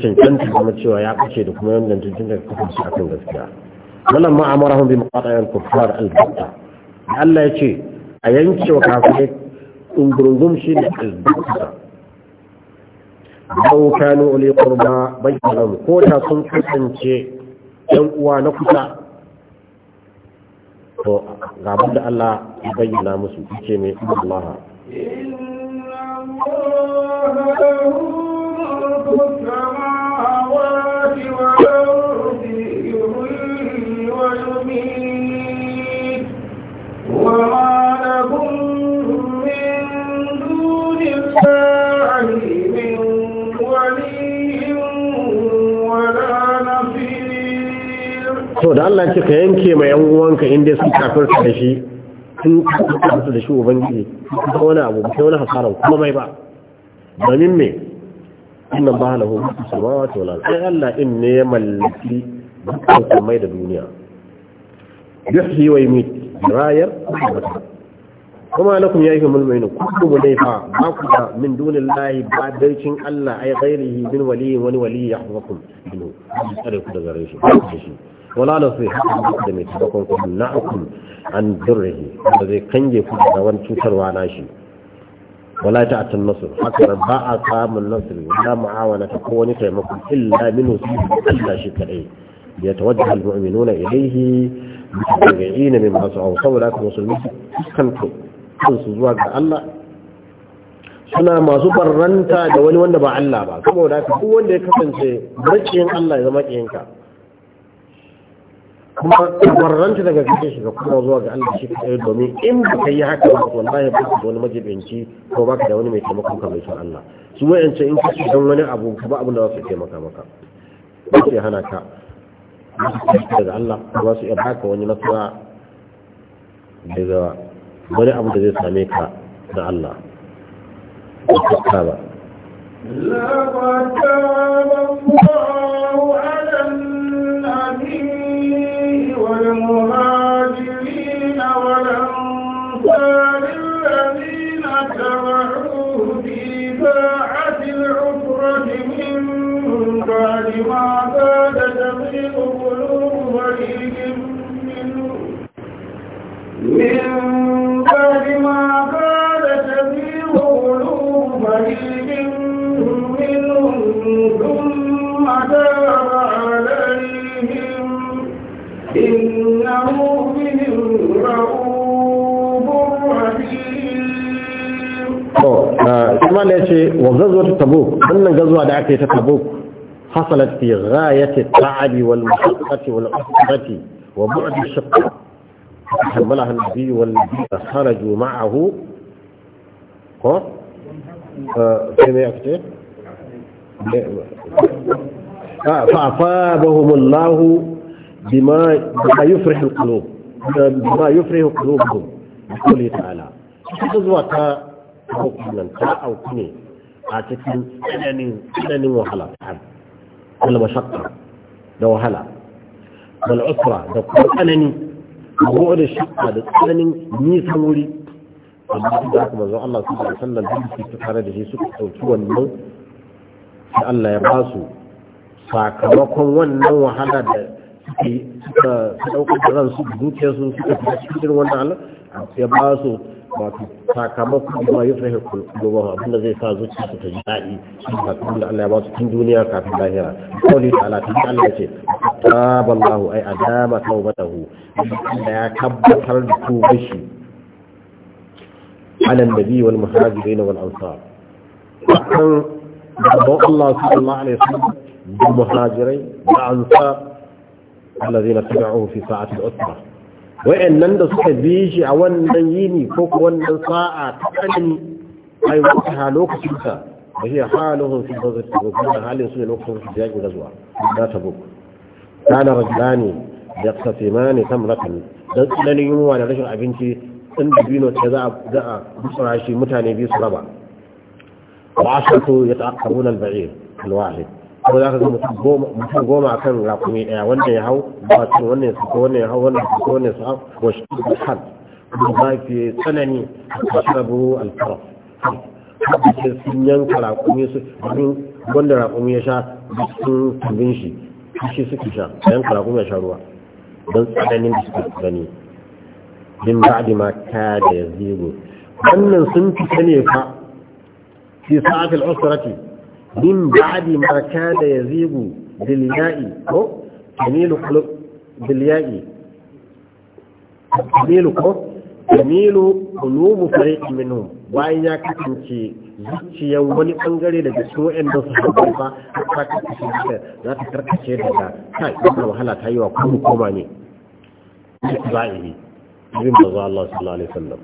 cancanta kuma cewa ya bace da kuma yanzu cancanta kafa shi akan gaskiya wannan ma amarahum bi muqata'il kufar albarka da Allah ya ce a yanke wa in ungurungum shi ne al-batta kanu uli qurba bayyanahum ko ta sun kasance yan uwa na kusa to ga da Allah ya bayyana musu yace mai Allah inna Allah to da Allah ce ka yanke mai yan uwanka inda sun kafirta da shi sun kafirta da shi ubangiji ta wani abu ta wani hasaran kuma mai ba domin me inna ba lahu samawati wal ardi Allah in ne ya mallaki dukkan samai da duniya yuhyi wa yumit rayar kuma lakum ya yi mulmainu kullu munayfa ba ku da min dunillahi ba darcin Allah ay ghairihi min waliyin wani wali yahfakum binu tsare ku daga shi. wala da su haka da mai tabakon na na'akum an durrihi wanda zai kange ku da wani cutarwa nashi wala ta atan nasu haka ba a samun nasr wala mu'awana ta ko wani taimako illa yi Allah shi kadai ya tawajjaha almu'minuna ilayhi mutabi'ina masu sa'u saboda ku musulmi kanku kansu zuwa ga Allah suna masu barranta da wani wanda ba Allah ba saboda duk wanda ya kasance barciyin Allah ya zama kiyanka kuma tabarranta daga gare shi ga kuma zuwa ga Allah shi kai domin in ba kai haka ba wallahi ba ka wani majibinci ko ba ka da wani mai taimako ka mai son Allah su wayance in ka shiga wani abu ka ba abin da za su taimaka maka ba su hana ka daga Allah ba su iya baka wani nasara daga wani abu da zai same ka da Allah ba ba لقد تاب الله على المهاجرين والأنصار الذين تبعوه في ساعة العسرة من بعد ما كاد تزيغ قلوب فريق من بعد ما كاد تزيغ قلوب فريق منهم ثم تاب عليهم إنه بهم رؤوف kuma da ya ce wa gazuwa ta tabuk wannan gazuwa da aka yi ta tabuk wal wal wa ma'ahu ko بما يفرح القلوب بما يفرح قلوبهم بقوله تعالى zuwa ta hukunan ta auku ne a cikin tsananin wahala al-mashaqqa da wahala wal usra da kuma tsanani ko da shaqqa da tsananin nisan wuri da kuma manzon Allah subhanahu wa ta'ala da shi tare da shi suka dauki wannan sai Allah ya ba su sakamakon wannan wahala da suka ɗaukar da ransu da zuciyarsu suka fi cikin wanda wannan halin ya ba su wato sakamakon ma yi fahimtar kulkulowa abinda zai sa zuciya su ta ji daɗi shi kafin da Allah ya ba su tun duniya kafin lahira kawai da Allah tun Allah ce taballahu ai adama taubatahu da ya tabbatar da tubar shi ala nabi wal muhajirin wal ansar kan da Allah sallallahu alaihi wasallam da muhajirai da ansar allazina tabi'uhu fi sa'ati al-usra wa'annan da suka bi shi a wannan yini ko ko wannan sa'a ta kanin ai wata lokacin sa da shi haluhun fi bazar tabuk da halin su ne lokacin su zuwa. Da na tabuk kana rajulani da kasimani tamratan dan tsananin yunwa da rashin abinci in dubino ta za a za a busra shi mutane biyu su raba wa ashatu yata'aqqabuna al-ba'ir al-wahid ko za ka ga mutum goma a kan rakumi ɗaya wanda ya hau ba su wannan su ko wannan ya hau wannan su ko wannan su hau ko shi da har da ba fi tsanani a sharabu da ke sun yanka rakumi su domin wanda rakumi ya sha sun tambin shi shi suke sha yanka rakumi ya sha ruwa don tsananin da suka gani din ba'di ma ta da zigo wannan sun fita ne fa fi sa'atil usrati min ba'di ma kada yazigu bil ya'i ko jamilu khuluq bil ya'i jamilu ko jamilu qulubu fariqin minhum bayan ya kasance zuciyar wani bangare daga cikin wa'annan su haɗu ba ta kasance da za ta karkace ta: kai wannan wahala ta yi wa kuma koma ne za'iri ibn manzo Allah sallallahu alaihi wasallam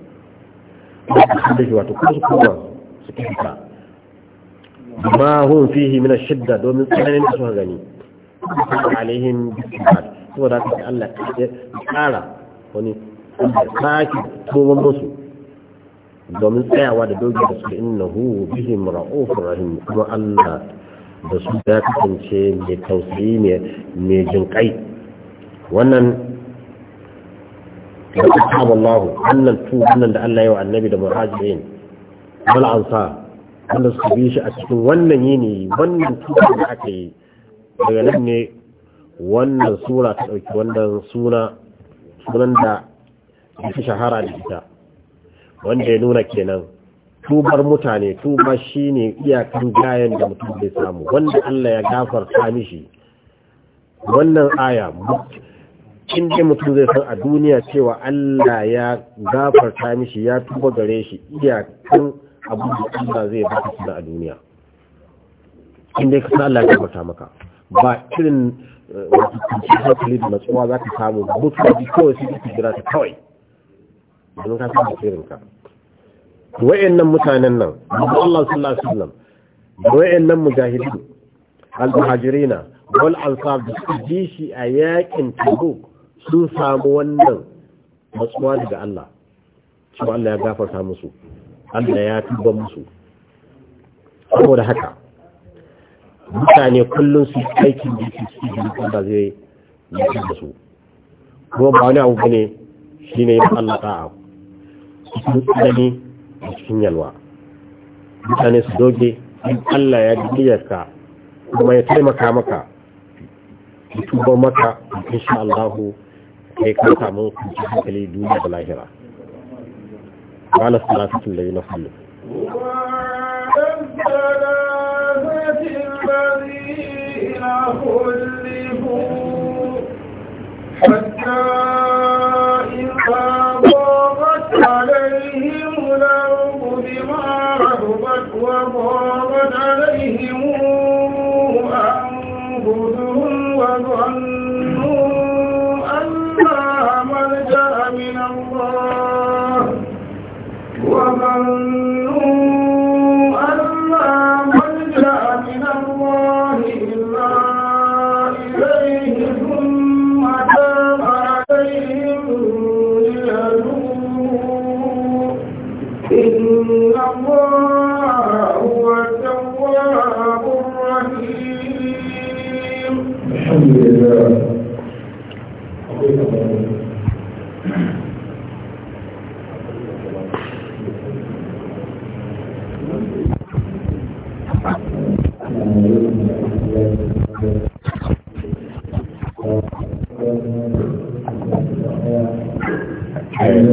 da shi wato kuma su kuma su kika ma hun fihi min shidda domin tsananin da suka gani alaihim bisibat saboda haka Allah ya kara wani saki tsohon musu domin tsayawa da dogi da suka innahu bihim ra'ufur rahim kuma Allah da su ya kasance mai tausayi mai jinkai wannan da Allah wannan tuban da Allah ya wa annabi da muhajirin wal ansar wanda su bi shi a cikin wannan yini wannan tuka da aka yi daga nan ne wannan sura ta ɗauki wannan suna sunan da ya shahara da ita wanda ya nuna kenan tubar mutane tuba shine iyakan gayan da mutum zai samu wanda Allah ya gafar ta mishi wannan aya cin dai mutum zai san a duniya cewa Allah ya gafar gafarta mishi ya tuba gare shi iyakan abin da Allah zai baka suna a duniya inda ka san Allah ya tabbata maka ba irin eh, cikin hankali da matsuwa za ka samu mutuwa ji kawai su ke jira ta kawai domin ka san asirin ka wayannan mutanen nan Abu Allah sallallahu alaihi wasallam wayannan mujahidin al-muhajirina wal ansar da su ji shi a yakin Tabuk sun samu wannan matsuwa daga Allah cewa Allah ya gafarta musu Allah ya tuba musu saboda haka mutane kullum su aikin da su cikin da zai yi da su kuma ba wani abu ne shi ne yin Allah ta'a cikin tsanani da cikin yalwa mutane su doge in Allah ya duniyarka kuma ya taimaka maka ya tuba maka insha Allah kai ka mun kuncin hankali duniya da lahira وعلى الثلاثة الذين خلوا حتى إذا ضاقت عليهم الأرض بما رهبت وضاقت عليهم da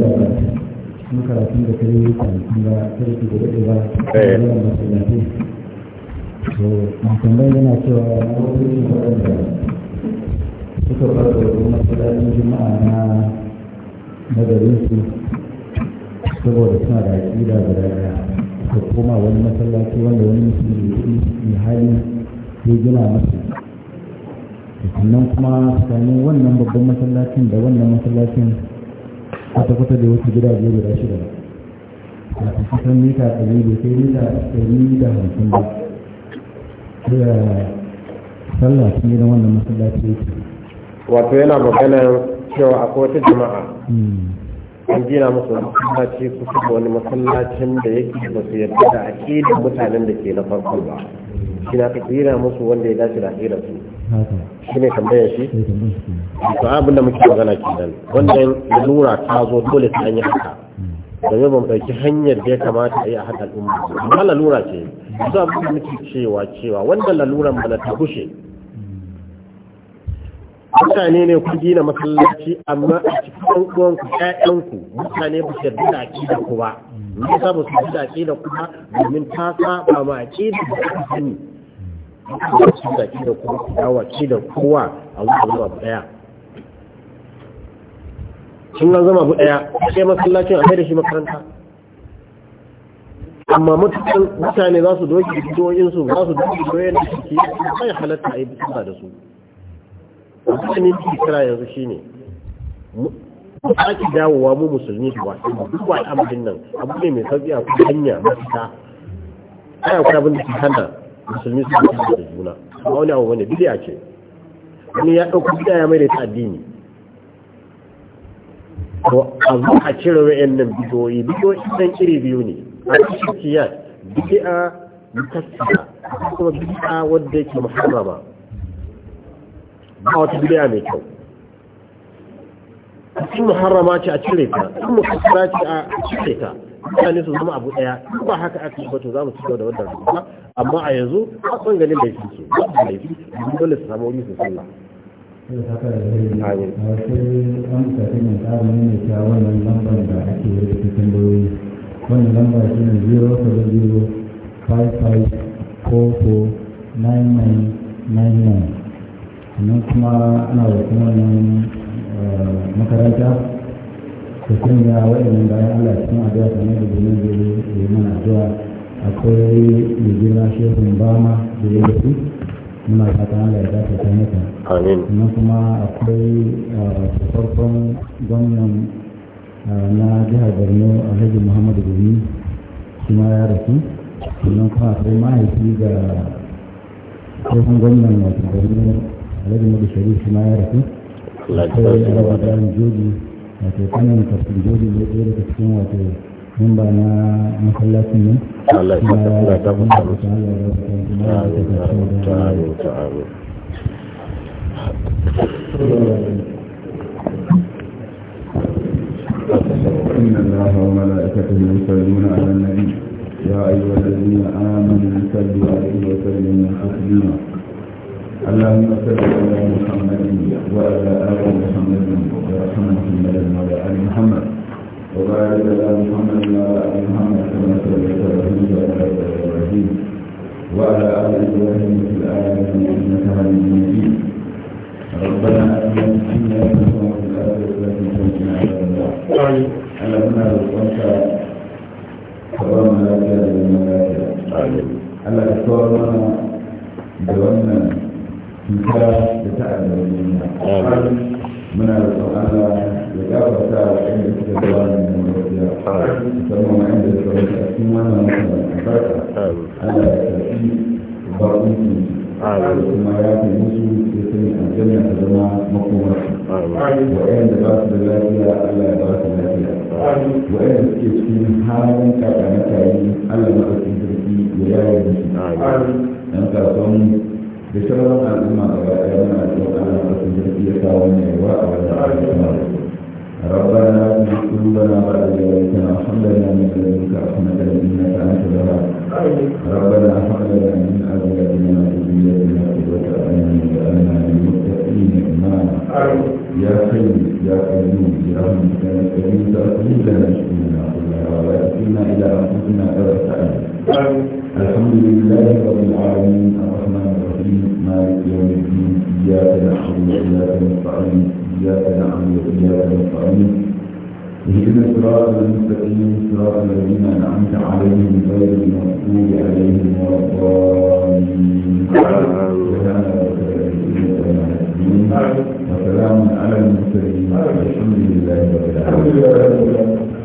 kuma da kai yi kwanakin ba sarki da daɗe ba yawan masallatai to musamman yana cewa wani waɗanda suka fara da masallacin juma'a na nagarinsu saboda suna da aƙida da ɗaya ka koma wani masallaci wanda wani musulmi kuɗi mai hali ya gina masu sannan kuma tsakanin wannan babban masallacin da wannan masallacin a tafata da wasu gidaje guda shida ba a kusan mita ɗari da sai mita ɗari da hamsin ba da sallah yi na wannan masallaci ce wato yana maganar cewa akwai wata jama'a hmm. an gina musu masallaci su su wani masallacin da yake ba su yarda da aƙidar mutanen da ke na farko ba shi na ka gina musu wanda ya dace da aƙidar su shi ne tambayar shi da muke magana kenan wannan lura ta zo dole ta yi haka hmm. domin ban ɗauki hanyar da ya kamata a yi a haɗa al'umma amma lalura ce su abin da muke cewa cewa wanda laluran mana ta bushe mutane ne ku gina masallaci amma a cikin ku ƴaƴanku mutane ba su yarda da aƙida ku ba hmm. me yasa ba su yarda da aƙida ku ba domin ta saba ma aƙida da aka sani da su da ki da kuma dawa ci da kowa a wuce zuwa daya kin nan zama bu daya sai masallacin a da shi makaranta amma mutane za su doki bidiyoyin su za su doki bidiyoyin da suke sai halatta a yi bisa da su abin ne ke kira yanzu shine ake dawowa mu musulmi da wasu duk wa al'amarin nan abu ne mai sauki a hanya mafita ana kuma abin da ke hana musulmi su da da juna amma wani abu wani bidiya ce wani ya ɗauka bidiya ya maida ta addini to a zo a cire wa'in nan bidiyoyi bidiyoyi nan iri biyu ne a cikin kiyar bidiya mutassiya kuma bidiya wadda yake muharrama ba wata bidiya mai kyau cikin muharrama ce a cire ta kuma mukassara ce a cire ta mutane su zama abu daya ba haka ake yi ba to za mu cigaba da wannan rubuta amma a yanzu a da yake so ba su laifi domin dole su samu wuri su sallah wannan lambar da ake cikin doyi wannan lambar shi ne 070 55 kuma ana da kuma eh, makaranta ku sanya waɗannan bayan Allah cikin addu'a kamar da domin zai yi mana addu'a akwai mai girma shehun bama da ya rufu muna fatan Allah ya dace ta mata sannan kuma akwai ah, farkon gwamnan ah, na jihar borno alhaji muhammadu Buhari shi ma ya rasu sannan kuma akwai mahaifi ga shehun gwamnan wato borno alhaji Muhammadu sharif shi ma ya rasu akwai rawa da wato fannin kafin jodi ne ɗaya daga cikin wato memba na masallacin nan Allah ya Allah ta mutu Allah ya da إن الله وملائكته يصلون على النبي يا أيها الذين آمنوا صلوا عليه وسلموا تسليما اللهم صل على محمد وبارك على محمد وعلى ال محمد كما صليت وسلمت وبارك على ابراهيم وعلى ال ابراهيم في العالمين انك حميد مجيد ربنا اتنا في الدنيا حسنه وفي الاخره حسنه وقنا عذاب النار اللهم ارزقك كرم لا جاد لنا لا الله يسترنا بأن انت لتعلم الدنيا muna da Allah ya gafarta wa inda suka ga wannan gaskiya sannan wa inda suka ga cikin wannan albarka Allah ya tafi bakin su kuma ya fi musu ya sani aljanna ta zama makomar wa inda ba su da lafiya Allah ya ba su lafiya wa inda suke cikin halin kakanakayi Allah ya ba su sarki ya yaye musu dan kasuwan da sauran al'umma da ya yi mana da wata ala da sun ya kawo ne wa a wajen al'umma da rabbana da su kuma na ba da yawon ta na hamdar na mai ganin ka kuma da yin na ta hanta da ba rabbana da hamdar na yin azuwa da yana da biyar da na su wata ala da yana da yin wata ƙi ne na ya kai ya kai yi da yin ta yi da na kula da wa ya fi na ila a kuma na الحمد لله رب العالمين الرحمن الرحيم مالك يوم الدين إياك نعبد وإياك نستعين إياك نعبد وإياك نستعين اهدنا الصراط المستقيم صراط الذين أنعمت عليهم غير المغضوب عليهم ولا الضالين وسلام على المرسلين والحمد لله رب العالمين